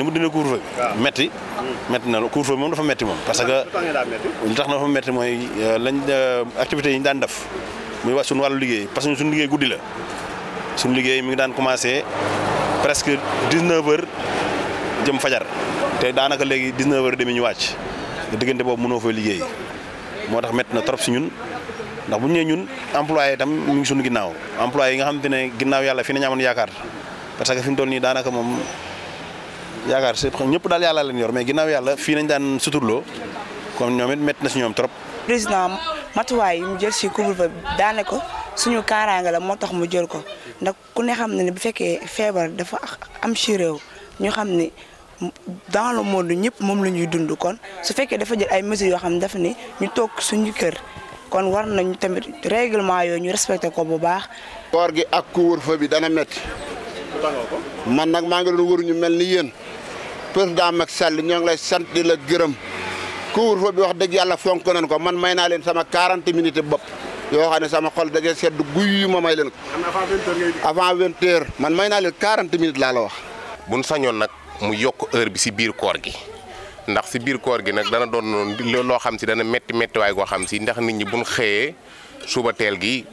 ni mu dina couvre-feu metti hmm. metti na couvre-feu bi dafa metti mom parce que li na fa metti moy euh, lañ euh, activité yi ñu daan def muy wax sun walu liguey parce que sun liguey goudi la sun liguey mi ngi daan commencer presque 19 h jëm fajar te danaka léegi 19 h demi ñu wacc te bobu mëno fa liguey motax metti na trop ci ñun ndax bu ñu ñun employé tam mi ngi suñu ginnaw employé yi nga xamantene ginnaw yalla fi nañu amoon yaakar parce que fi mu ni danaka mom yaakaar si ñëpp daal yàlla leen yor mais ginnaaw yàlla fii nañ daan suturloo comme ñoom it na si ñoom trop. président matuwaay yi mu jël si couvre-feu ko suñu kaaraange moo tax mu jël ko ndax ku ne xam ne bu fekkee feebar dafa am si réew ñu xam ne dans le ñëpp moom la ñuy dund kon su fekkee dafa jël ay mesures yoo xam ne dafa ne ñu toog suñu kër kon war nañu tamit règlement yooyu ñu respecté ko bu baax. koor gi ak couvre bi dana métti. man nag maa ngi doon wëruñu mel ni yéen. président Macky Sall ñoo ngi lay sant di la gërëm couvre-feu bi wax dëgg yàlla fonk nañ ko man may naa leen sama 40 minutes bopp yoo xam ne sama xol daje sedd guy yu ma may leen ko. avant 20 heures man may naa leen 40 minutes laa la wax. buñ sañoon nag mu yokk heure bi si biir koor gi ndax si biir koor gi nag dana doon loo xam si dana métti méttiwaay goo xam si ndax nit ñi buñ xëyee. suba teel gi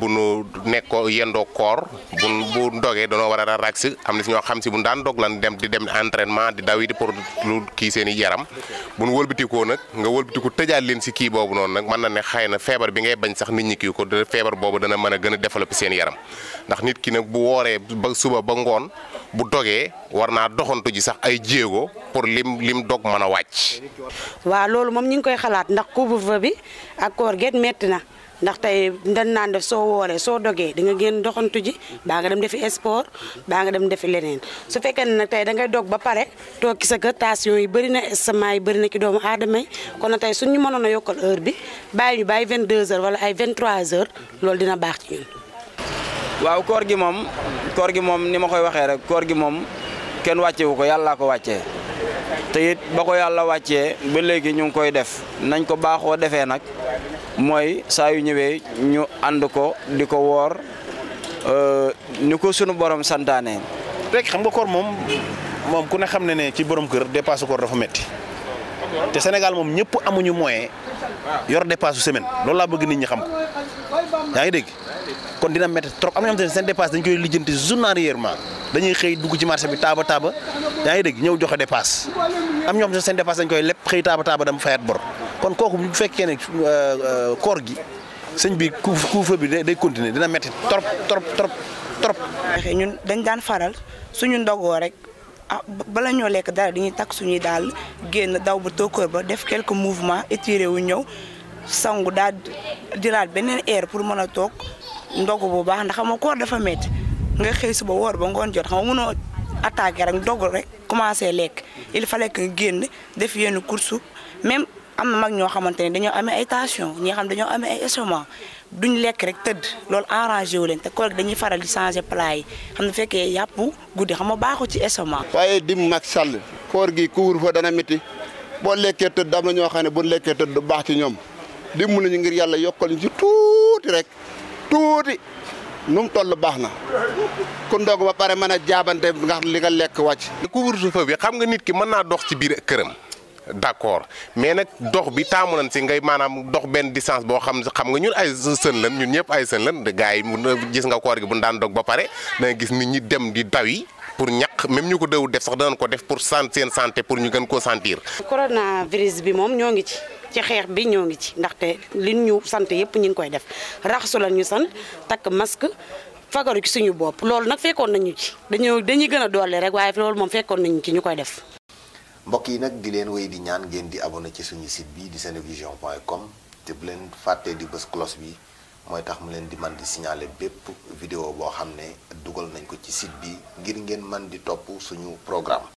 bu nu nekkoo yendoo koor bu bu ndogee danoo war a raraag si am na si ñoo xam si bu daan dog lan dem di dem entraînement di daw yi di pour lu kii seen i yaram bu nu wëlbatikoo nag nga wëlbatiku tëjaat leen si kii boobu noonu nag mën na ne xëy na feebar bi ngay bañ sax nit ñi kii ko feebar boobu dana mën a gën a développer seen yaram ndax nit ki nag bu wooree ba suba ba ngoon bu dogee war naa doxantu ji sax ay jéego pour lim lim dog mën a wàcc. waaw ndax tey dañ naan def soo wooree soo dogee di nga génn doxantu ji baa nga dem defi sport baa nga dem defi leneen su fekkee ne tey da ngay dog ba pare toog ki sa kër tension yi bëri na estomac bëri na ki doomu aadama yi kon na tey su ñu mënoon a yokkal heure bi bàyyi ñu bàyyi 22 heures wala ay 23 heures loolu dina baax ci ñun. waaw koor gi moom koor gi moom ni ma koy waxee rek koor gi moom kenn wàccewu ko yàlla ko wàccee te it ba ko yàlla wàccee ba léegi ñu ngi koy def nañ ko baaxoo defee nag. mooy saa yu ñëwee ñu ànd ko di ko woor euh, ni ko sunu borom santaane. rek xam nga koor moom moom ku ne xam ne ne ci borom kër dépasse koor dafa metti te Sénégal moom ñëpp amuñu moyen yor dépasse semaine loolu laa bëgg nit ñi xam ko yaa ngi dégg kon dina métti trop am na ñoo xam ne seen dépasse dañ koy lijjanti journalièrement dañuy xëy dugg ci marché bi taaba taaba yaa ngi dégg ñëw joxe dépasse am ñoo xam ne seen dépasse dañ koy lépp xëy taaba taaba dama fayat bor. kon kooku bu fekkee ne euh, euh, koor gi sëñ biir couvre-feu bi day continuer dina metti trop trop trop trop. ñun dañ daan faral suñu ndogoo rek ah bala ñoo lekk dara dañuy takk suñuy daal génn daw ba tokkoor ba def quelques mouvements étiré wu ñëw sangu daal diraal beneen air pour mën a toog ndogu bu baax ndax xam nga koor dafa metti nga xëy suba woor ba ngoon jot xam nga mënoo attaqué rek ndog rek commencé lekk il fallait que génn def yenn course même. am na mag ñoo xamante ne dañoo amee ay tension ñi xam dañoo amee ay estomac duñ lekk rek tëdd loolu arrangé wu leen te koor dañuy faral di changé plat yi xam ne fekkee yàpp guddi xam nga baaxul ci estomac. waaye dim mag sàll koor gi couvre-feu dana métti boo lekkee tëdd am na ñoo xam ne bu lekkee tëdd du baax ci ñoom dimbali ñu ngir yàlla yokkal ñu ci tuuti rek tuuti nu mu toll baax na ku ndog ba pare mën a jaabante nga xam li nga lekk wàcc. couvre-feu bi xam nga nit ki mën naa dox ci biir këram. d'accord mais nag dox bi taamu nañ si ngay maanaam dox benn distance boo xam xam nga ñun ay sën lan ñun ñëpp ay sën lan gars gis nga koor gi bu ñu daan dog ba pare da gis nit ñi dem di daw yi pour ñàq même ñu ko dëw def sax danañ ko def pour sant seen pour ñu gën koo sentir. coronavirus bi moom ñoo ngi ci. ci xeex bi ñoo ngi ci ndaxte li ñu sant yëpp ñu ngi koy def raxasu la ñu sant takk masque fagaru ci suñu bopp loolu nag fekkoon nañu ci dañoo dañuy gën a doole rek waaye loolu moom fekkoon nañu ci ñu koy def. mbokk yi nag di leen wéy di ñaan ngeen di abonné ci suñu site bi di senevision point com te bu leen fàttee di bës cloche bi mooy tax mu leen di man di signaler bépp vidéo boo xam ne dugal nañ ko ci site bi ngir ngeen man di topp suñu programme